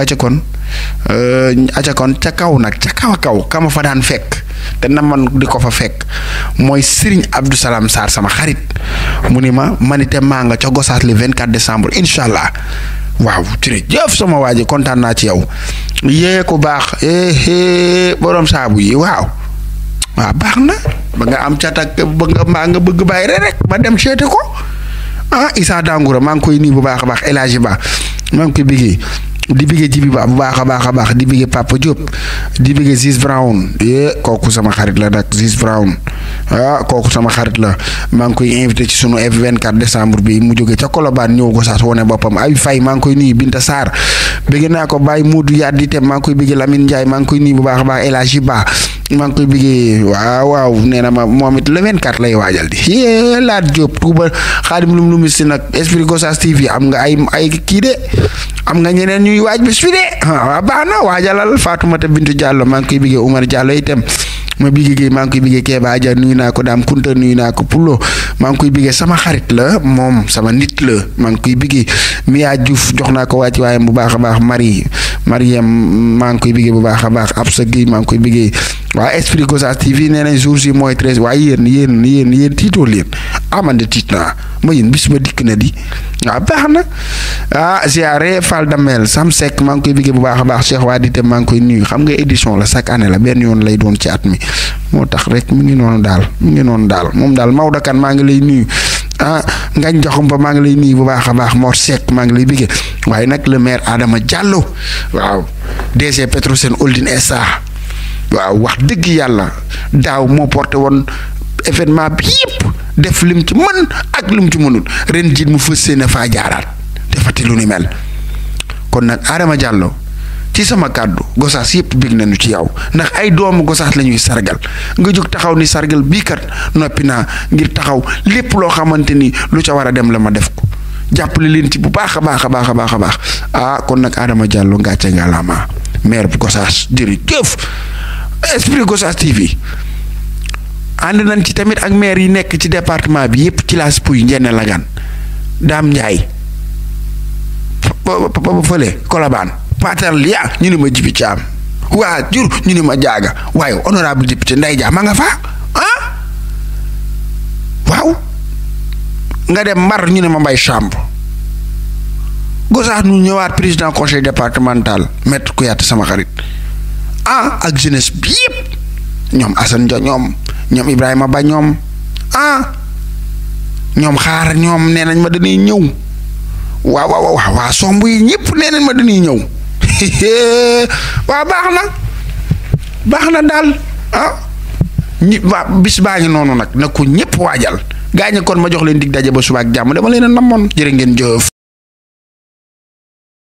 aca kon euh, aca kon ca kaw nag ca kaw a kaw kama fa daan fekk te na man di ko fa fekk mooy Serigne Abdou Salam Sarr sama xarit mu ni ma manite maa nga ca Gossas le 24 décembre incha allah waaw jërëjëf sama waa ji kontaan naa ci yow yée baax éé boroom saabu yi waaw waaw baax na ba nga am ca ak ba nga maa nga bëgg bàyyi rek ma dem seeti ko ah Issa Dangoura maa ngi koy nii bu baax a baax El Hadji Ba maa ngi koy bigee di bigé jibi ba bu baakha baakha baax di bigé Papa job di bigé zis Brown yee kooku sama xarit la dak zis Brown ah kooku sama xarit la mang koy invité ci sunu F24 décembre bi mu jóge ci Colobane ñëw ko sax woné bopam ay fay mang koy nuyu Binta sar bëgg na ko bay Modou Yaddi té mang koy bigé Lamine ndjay mang koy nuyu bu baakha a baax El Hadji Ba koy bigé waaw waaw néna ma momit le 24 lay wajal di ye Laat Diop Touba khadim Lum Lumis nak Esprit Gossas TV am nga ay ay ki de am nga ñeneen ñuy waaj bis fi de waaw baax na waajalal Fatoumata Bintu Diallo maa ngi koy biggee Oumar Diallo itam ma biggee gi maa ngi koy biggee Kéba Aja nuyu naa ko Dame Kunta nuyu naa ko Pulo maa ngi koy biggee sama xarit la moom sama nit la maa ngi koy biggee Mia Diouf jox naa ko wàcc waaye bu baax a baax Marie Mariam maa ngi koy biggee bu baax a baax Absa Gueye maa ngi koy biggee waa Esprit Gossas TV nee nañ jours yi mooy treize waaye yéen yéen yéen yéen tiitoo leen ah man de tiit naa ma yéen bis ma dikk na di waaw ah, baax na ah ziare Fall Damel Sam Seck maa ngi koy bëggee bu baax a baax Cheikh Wadite maa ngi koy nuyu xam nga édition la chaque année la benn yoon lay doon ci at mi moo tax rek mu ngi noonu daal mu ngi noonu daal moom daal Maodo Kane maa ngi lay nuyu. ah ngañ joxum ba maa ngi lay nii bu baax a baax Mor Seck maa ngi lay bëggee waaye nag le maire Adama Diallo waaw DG Petrosen Holding SA waaw wax dëgg yàlla daaw moo porté def lim ci mën ak lim ci mënul ren jiit mu fës seen faa jaaraat defati lu ni mel kon nag Adama Diallo ci sama kàddu gosaas yëpp bég nañu ci yow ndax ay doomu gosaas la ñuy sargal nga jóg taxaw ni sargal bii kat noppi naa ngir taxaw lépp loo xamante ni lu ca war a dem la ma def ko jàpp jàppale leen ci bu baax a baax a baax a baax a baax ah kon nag Adama Diallo ngàcce ngalaama maire bu gosaas jërëjëf esprit gosaas TV. and nañ ci tamit ak maire yi nek ci département bi yépp ci laas pouy ñen la gan dam njaay papa fele kolabaan patar liya ñu ne ma jibi am wa jur ñu ne ma jaaga way honorable député nday ja ma nga fa han ah? waw nga dem mar ñu ne ma mbay chambre gosax ñu ñëwaat président conseil départemental maître ku yatt sama xarit ah ak jeunesse bi yépp ñom asan ñom ñoom Ibrahima ba ñoom ah ñoom xaar ñoom nee nañ ma dañuy ñëw waaw waaw waaw waa somb yi ñëpp nee nañ ma dañuy ñëw waa baax na baax na daal ah ñi waa bis baa ngi noonu nag na ko ñëpp waajal gaañe kon ma jox leen dig daje ba suba ak jàmm dama leen a namoon jërë ngeen jëf.